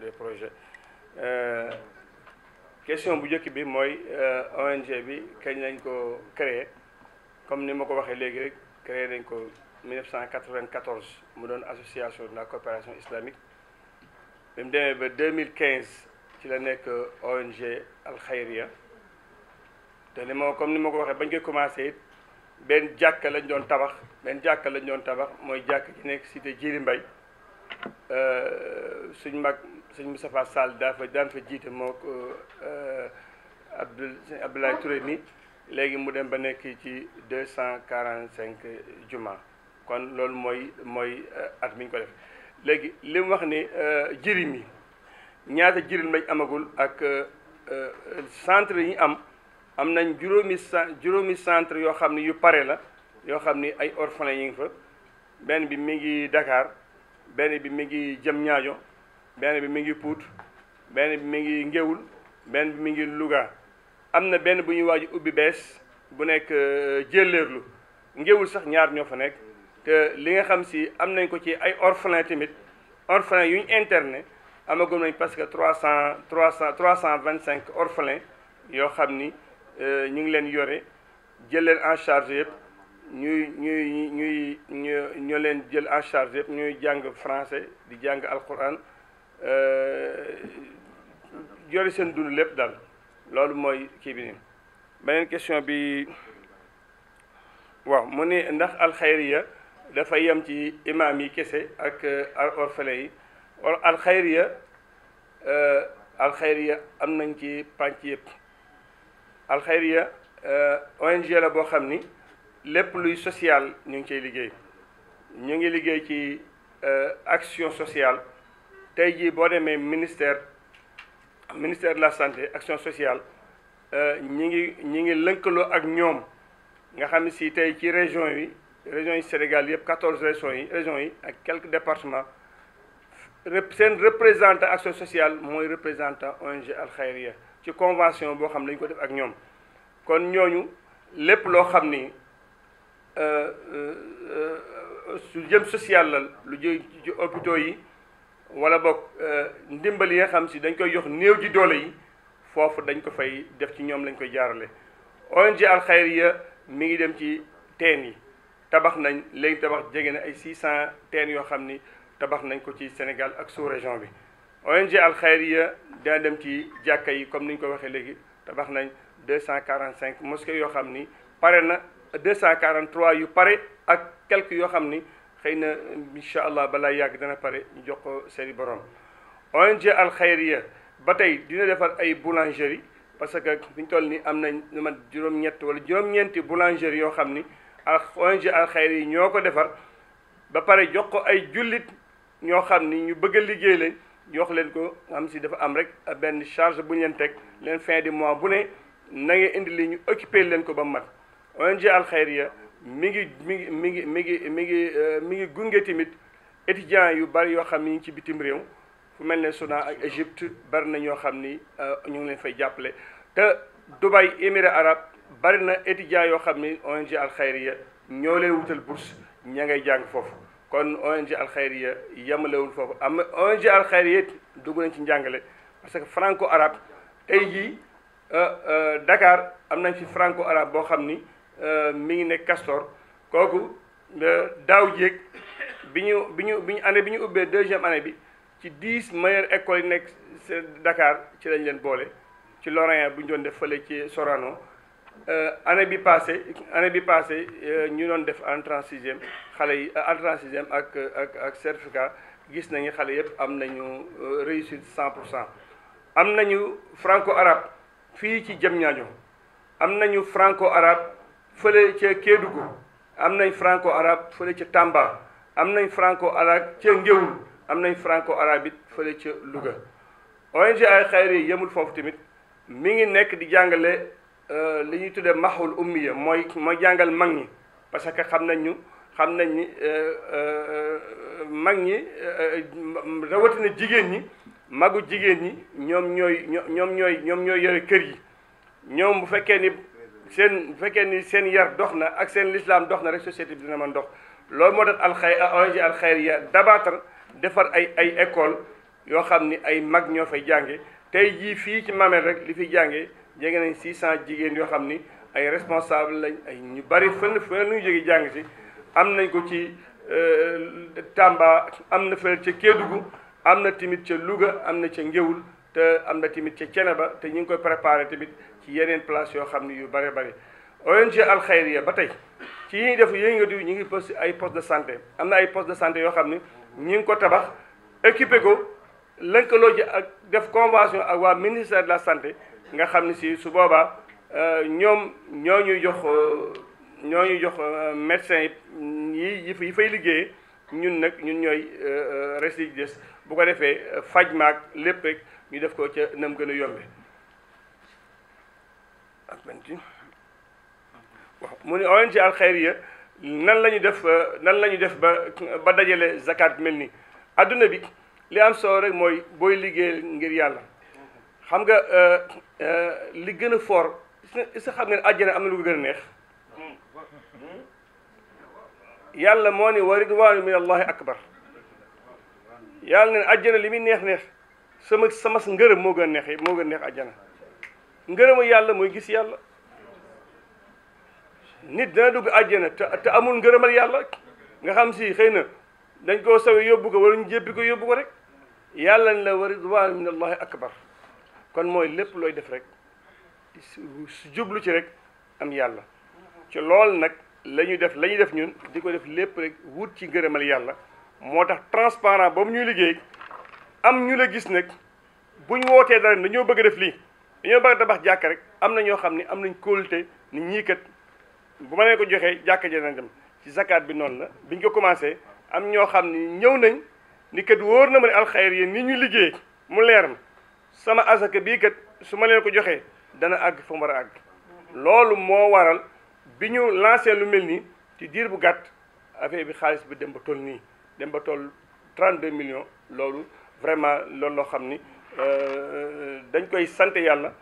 des projets euh, question bu njëkk bi mooy euh, ONG bi kañ lañ ko créé comme ni ma ko waxee léegi rek créé nañ ko 1994 mu doon association nag la coopération islamique bi mu demee ba 2015 ci la nekk ONG Al te ni moo comme ni ma ko waxee bañ koy commencé it benn jàkka lañ doon tabax benn jàkka lañ doon tabax mooy jàkk ci nekk cité Djily mbay Euh, suñ mag suñ Moustapha Sall daa fa daan fa jiite moo ko euh, Abdoul Abdoulaye Touré mi léegi mu dem ba nekk ci deux cent quarante cinq juma kon loolu mooy mooy euh, at mi ñu ko def léegi li wax ni jirim yi ñaata jirim lañ amagul ak centre yi ñu am am nañ juróomi cent juróomi centre yoo xam ne yu pare la yoo xam ni ay orphelin yi ngi fa benn bi mi ngi dakaar benn bi mi ngi jëm ñaajo benn bi mi ngi puut benn bi mi ngi ngéwul benn bi mi ngi Louga am na benn bu ñuy waaj ubbi bees bu nekk euh, jélleerlu ngéwul sax ñaar ñoo fa nekk te li nga xam si am nañ ko ci ay orphelin tamit orphelin yu ñu interné amagum nañ parce que trois cent trois cent trois cent vingt cinq orphelin yoo xam ni euh, ñu ngi leen yore jël leen en charge yëpp ñuy ñuy ñuy ñu ñu leen jël en charge yëpp ñuy jàng français di jàng alquran jori euh, seen dund lépp daal loolu mooy kii bi nii question bi waaw mu ni ndax alxayriya dafa yem ci imaam yi kese ak euh, orphelin yi wala alxayriya euh, alxayriya am nañ ci pànc yëpp alxayriya ONG la boo xam ni lépp luy social ñu ngi ciy liggéey ñu ngi liggéey ci euh, action sociale tey jii boo demee ministère ministère de la santé action sociale euh, ñi ngi ñi ngi lënkaloo ak ñoom nga xam ne si tey ci région yi région yi Sénégal yëpp quatorze régions yi régions yi ak quelques départements seen représentant action sociale mooy représenta ONG Al Khayriya ci convention boo xam ne dañu ko def ak ñoom kon ñooñu lépp loo xam ni Euh, euh, euh, su jëm social la lu jëm ci hôpitaux yi wala boog ndimbal yi nga xam si dañ koy jox néew ji doole yi foofu dañ ko fay def ci ñoom lañ koy jaarale ONG ya mi ngi dem ci teen yi tabax nañ léegi tabax jege na ay 600 teen yoo xam ni tabax nañ ko ci Sénégal ak sous région bi ONG ya dina dem ci jàkka yi comme ni ñu ko waxee léegi tabax nañ 245 mosquées yoo xam ni pare na 243 yu pare ak quelques yoo xam ni xëy na incha allah balaa yàgg dana pare ñu jox ko seeni borom ONG Al Khayriya ba tey dina defar ay boulangerie parce que fi ñu toll nii am nañ lu mat juróom-ñett wala juróom-ñeenti boulangerie yoo xam ni ak ONG Al yi ñoo ko defar ba pare jox ko ay jullit ñoo xam ni ñu bëgg a liggéey lañ jox leen ko am si dafa am rek benn charge bu ñu teg leen fin du mois bu ne na nga indi li ñu occupé leen ko ba mat. ONG Alxayriya mi ngi mi ngi mi ngi mi ngi mi ngi euh, mi ngi gunge tamit étudiants yu bari yoo xam ni ñu ci bitim réew fu mel ne Soudan ak Égypte bari na ñoo xam ni euh, ñu ngi leen fay jàppale te Dubai Émirats arabes bari na étudiants yoo xam ni ONG Alxayriya ñoo leen wutal bourse ña ngay jàng foofu kon ONG Alxayriya yemalewul foofu am ONG Alxayriya dugg nañ ci njàngale parce que franco arabe tey jii euh, Dakar am nañ ci franco arabe boo xam ni. Euh, mi ngi ne Castor kooku euh, daaw jéeg bi ñu bi ñu bi ñu année bi ñu ubbee deuxième année bi ci dix meilleures écoles yi nekk ndakaar ci lañ leen boole ci Lorrain bu ñu doon def fële ci Sorano euh, année bi passé année bi passé ñu doon def entrée en xale yi entrée en ak ak ak certificat gis nañu xale yëpp am nañu réussite cent pour cent am nañu franco arabe fii ci Diamniadio am nañu franco arabe fële ca Kédougou am nañ franco arabe fële ca Tamba am nañ franco arabe ca Ngéwul am nañ franco arabe it fële ca Louga ONG ay xayri yi yemul foofu tamit mi ngi nekk di jàngale euh, li ñuy tuddee maxul ummiya mooy mooy jàngal mag ñi parce que xam nañ ñu xam nañ ni euh, euh, mag ñi rawatina jigéen ñi magu jigéen ñi ñoom ñooy ñoom ñooy ñoom ñooy yore kër yi ñoom bu fekkee ni seen bu fekkee ni seen yar dox na ak seen lislaam dox na rek société bi dina mën dox loolu moo tax alxay ONG alxayriya dabaatar defar ay ay école yoo xam ni ay mag ñoo fay jànge tey jii fii ci Mamel rek li fi jànge jege nañ 600 jigéen yoo xam ni ay responsable lañ ay ñu bari fenn fenn ñu jóge jàng si am nañ ko ci euh, Tamba am na fële ca Kédougou am na tamit ca Louga am na ca Ngéwul te am na tamit ca ba te ñu ngi koy préparé tamit yeneen place yoo xam ne yu bare bare ONG Al ba tey ci yi ñuy def yëngatu ñu ngi poste ay poste de santé am na ay poste de santé yoo xam ne ñu ngi ko tabax équipé ko lëkkaloo ji ak def convention ak waa ministère la santé nga xam ne si su boobaa euh, ñoom ñoo ñuy jox euh, ñoo ñuy jox euh, médecin yi yi fay liggéeyee ñun nag ñun ñooy résidus bu ko defee faj maag lépp rek ñu def ko ca nam gëna a yombe ak benn mu ne ONG Al nan la ñu def euh, nan la ñu def ba ba dajale zakat mel ni àdduna bi li am solo rek mooy booy liggéey ngir yàlla xam nga euh, euh, li gën a fort sa xam ne àjjana am na lu ko gën a neex yàlla moo ni wa ridwaanu min allahi akbar yàlla ne àjjana li muy neex neex sama sama ngërëm moo gën a neex moo gën a neex àjjana ngërëma yàlla mooy gis yàlla nit dana dugg àjjana te te amul ngërëmal yàlla nga xam si xëy na dañ koo sawe yóbbu ko wala ñu jéppi ko yóbbu ko rek yàlla ni la wa ridwaan min allahi akbar kon mooy lépp looy def rek su jublu ci rek am yàlla ci lool nag la def la ñuy def ñun di ko def lépp rek wut ci ngërëmal yàlla moo tax transparent ba mu ñuy liggéey am ñu la gis bu ñu wootee dara dañoo bëgg def lii dañoo bëgg tabax jàkka rek am na ñoo xam ne am nañ kóolute ni ñii kat bu ma leen ko joxee jàkka ji nañ dem ci zakat bi noonu la biñ ko commencé am ñoo xam ne ñëw nañ ni kat wóor na ma ne alxayr yéen ni ñu liggéey mu leer ma sama asaka bii kat su ma leen ko joxee dana àgg fa mu a àgg loolu moo waral bi ñu lancé lu mel nii ci diir bu gàtt affaire bi xaalis bi dem ba toll nii dem ba toll 32 millions loolu vraiment loolu loo xam ni Euh, euh, dañ koy sante yàlla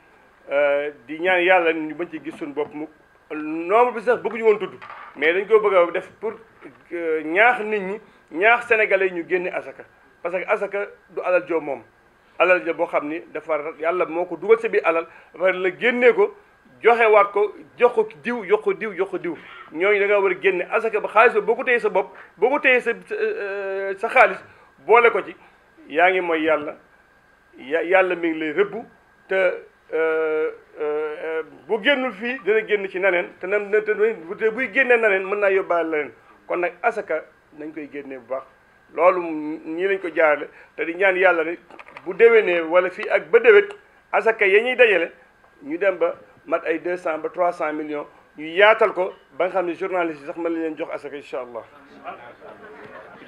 euh, di ñaan yàlla ñu bañ ci gis suñu bopp mu nombre bi sax bëgguñu woon tudd mais dañ ko bëgg a def pour ñaax nit ñi ñaax sénégalais ñu génne asaka parce que asaka du alal joo moom alal ja boo xam ni dafa yàlla moo ko dugal sa biir alal dafa la génnee ko joxe waat ko jox ko diw jox diw jox diw ñooñu danga war a génne asaka ba xaalis ba boo ko téye sa bopp boo ko téye sa sa xaalis boole ko ci yaa ngi mooy yàlla yàlla mi ngi lay rëbbu te euh, euh, euh, bu génnul fii dina génn ci naneen te nan te buy génnee naneen mën naa yóbbaale leneen kon nag asaka nañ koy génne bu baax loolu ñii lañ ko jaarale te di ñaan yàlla ne bu déwénee wala fii ak ba déwét asaka ya ñuy dajale ñu dem ba mat ay deux cent ba trois cent millions ñu yaatal ko ba nga xam ne journaliste yi sax mën nañ leen jox asaka incha allah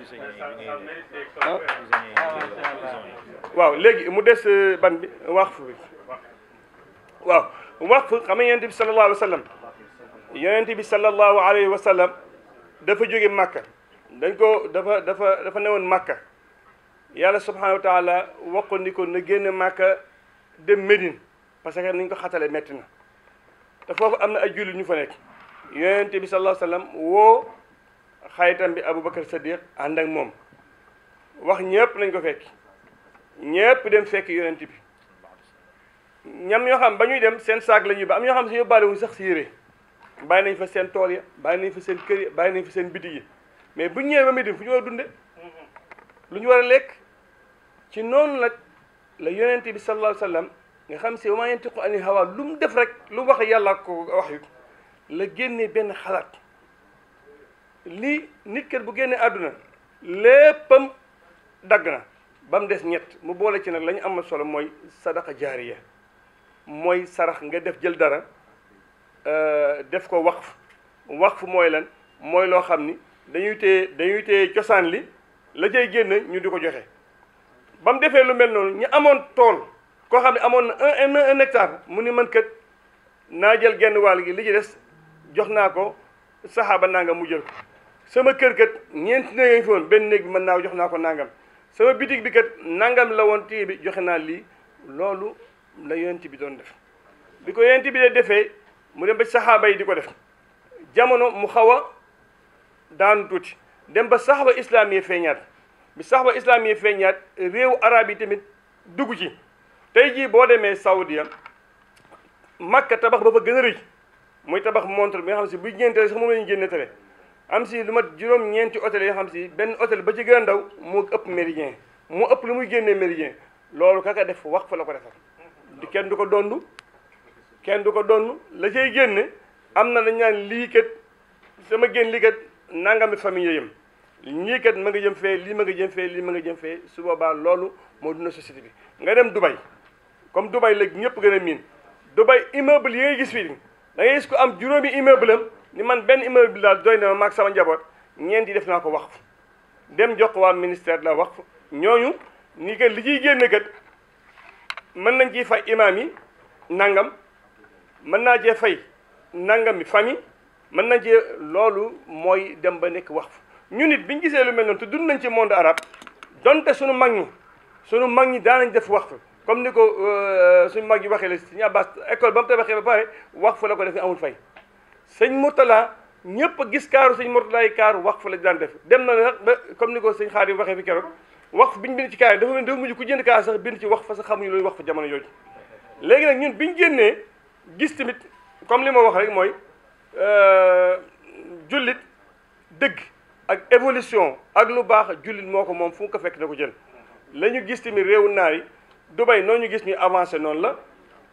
Ah, ah, waaw léegi mu des euh, ban bi waqf bi waaw waqf xam nga yonent bi sallallahu alayhi wa bi sallallahu alayhi dafa jóge màkka dañ ko dafa dafa dafa newoon màkka yàlla subhanahu wa taala wax ko ni ko na génn màkka dem parce que nañ ko xatale metti na foofu am na ay jullit ñu fa nekk yonent bi sallallahu woo xaritam bi abu Aboubacar Sadiq ànd ak moom wax ñëpp nañ ko fekki ñëpp dem fekki yonent bi ñam yoo xam ba ñuy dem seen saak la ñuy ba am ñoo xam si yóbbaale wu sax si yére bàyyi nañ fa seen tool ya bàyyi nañ fa seen kër ya bàyyi nañ fa seen biti yi mais bu ñu ñëwee ba Médine fu ñu war a dunde lu ñu war a lekk ci noonu nag la yonent bi sallallahu alayhi wa sallam nga xam si wa maa yantiqu ani hawa lu mu def rek lu wax yàlla ko wax yu la génne benn xalaat lii nit kat bu génnee àdduna léppam dagg na ba mu des ñett mu boole ci nag la ñu amal solo mooy sadaqa jaariya mooy sarax nga def jël dara euh, def ko waqf waqf mooy lan mooy loo xam ni dañuy téye dañuy téye cosaan li la cay génn ñu di ko joxe ba mu defee lu mel noonu ñu amoon tool koo xam ne amoon na un un hectare mu ni man kat naa jël genn wàll gi li ci des jox naa ko saxaaba naa nga mu jël ko sama kër kat ñeenti néeg yi fi woon benn néeg bi mën naa jox naa ko nangam sama bitig bi kat nangam la woon téye bi joxe naa lii loolu la yonent bi doon def bi ko yonent bi de defee mu dem ba saxaaba yi di ko def jamono mu xaw a daanu tuuti dem ba saxaba islaam yi feeñaat bi saxaba islaam yi feeñaat réew araab yi tamit dugg ci tey jii boo demee Saudiya Makka tabax ba fa gën a rëy muy tabax montre bi nga xam si bu ñeenteel sax moom la ñu génne tere am si lu mat juróom-ñeenti hôtel yoo xam si benn hôtel ba ci gën a ndaw moo ëpp méridien moo ëpp lu muy génnee méridien loolu kaka def wax fa la ko defar kenn du ko dondu kenn du ko donn la cay génne am na la ñaan lii sama génn lii nangam nangami famille yëm ñii kat ma nga jëm fee lii ma nga jëm fee lii ma nga jëm fee su boobaa loolu moo dund société bi nga dem Dubai comme Dubai léegi ñëpp gën a miin Dubai immeuble yi ngay gis fii da ngay gis ko am juróomi immeuble ni man benn immeuble bi laal doy na ma maag sama njaboot ñeent yi def naa ko wax waqf dem jox ko waa ministère laa wax fu ñooñu ni que li ciy génn kat mën nañ ciy fay imaam yi nangam mën naa cee fay nangam bi famille mën nañ cee loolu mooy dem ba nekk wax fu ñu nit biñu gisee lu mel noonu te dund nañ ci monde arabe donte suñu mag ñi suñu mag ñi daanañ def waqf comme ni ko euh, suñu mag ñi waxee la suñu Abbas école ba mu tabaxee ba pare fu la ko def amul fay sëñ Mourtala ñëpp gis kaaru sëñ Mourtala yi kaaru wax fa la daan def dem na nag ba comme ni ko sëñ Xaadim waxee fi keroog wax biñ bind ci kaar yi dafa mel dafa mujj ku jënd kaar sax bind ci wax fa sax xamuñu luy wax fa jamono yooyu léegi nag ñun biñ génnee gis tamit comme li ma wax rek mooy euh, jullit dëgg ak évolution ak lu baax jullit moo ko moom fu mu ko fekk na ko jël la ñu gis timit réewu naar yi Dubaï noo ñu gis ñu avancé noonu la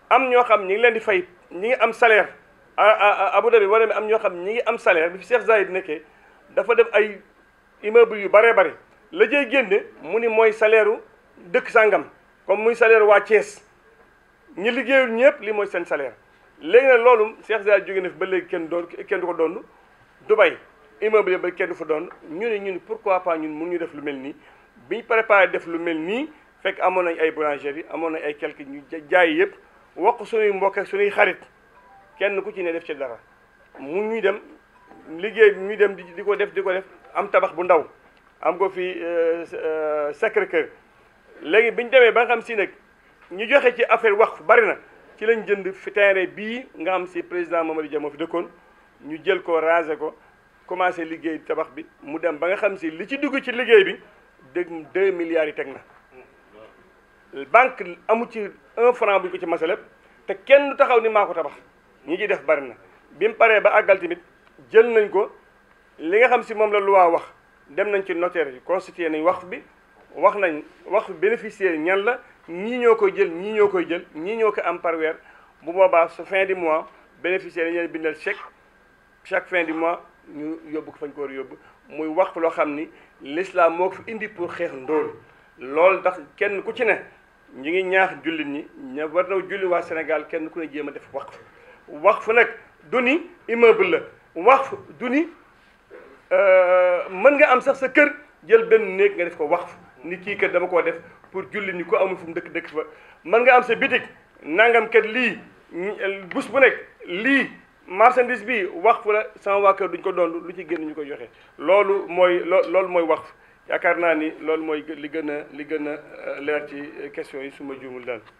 am ñoo xam ñi ngi leen di fay ñi ngi am salaire Abu Dhabi boo demee am ñoo xam ñi ngi am salaire bi fi Cheikh Zayed nekkee dafa def ay immeuble yu baree bare la jay génne mu ni mooy salaire dëkk sàngam comme muy salaire waa cees ñi liggéeyul ñëpp li mooy seen salaire léegi nag loolu Cheikh Zayed jóge na fi ba léegi kenn doon kenn du ko doon Dubaï immeuble ba kenn du fa doon ñu ne ñun pourquoi pas ñun mun ñu def lu mel nii biñ préparé def lu mel nii fekk amoon nañ ay boulangerie amoon nañ ay quelque ñu jaay yëpp wax suñuy mbokk suñuy xarit kenn ku ci ne def ci dara mu ñuy dem liggéey bi ñuy dem di ko def di ko def am tabax bu ndaw am ko fi euh, euh, Sacré-Cœur léegi bi ñu demee ba nga xam si nag ñu joxe ci affaire wax bari na ci lañ jënd fi terrain bii nga xam si président Mamadou Dia moo fi dëkkoon ñu jël ko raser ko commencé liggéey tabax bi mu dem ba nga xam si li ci dugg ci liggéey bi dégg deux milliards yi teg na banque amu ci un franc bu ñu ko ci masaleb te kenn taxaw ni maa ko tabax ñi ci def bari na bi mu paree ba àggal tamit jël nañ ko li nga xam si moom la lu waa wax dem nañ ci notaire yi constitué nañ wax bi wax nañ wax bénéficiaire ñan la ñii ñoo ko jël ñii ñoo koy jël ñii ñoo ko am par bu boobaa su fin du mois bénéficiaire yi ñu bindal chèque chaque fin du mois ñu yóbbu ko fañ ko war yóbbu muy wax loo xam ni lislaam moo ko fi indi pour xeex ndóol loolu ndax kenn ku ci ne ñu ngi ñaax jullit ñi ña war na julli waa Sénégal kenn ku ne jéem a def waqf waqf nag du ni immeuble la waqf du ni euh, mën nga am sax sa kër jël benn néeg nga def ko waqf nit kii kat dama koo def pour julli ni ko amul fu mu dëkk dëkk fa mën nga am sa bitik nangam kat lii bus bu nekk lii marchandise bi waqf la sama waa kër duñ ko doon lu ci génn ñu koy joxe loolu mooy loolu mooy waqf yaakaar naa ni loolu mooy li gën a li gën a euh, leer ci euh, question yi su ma juumul daal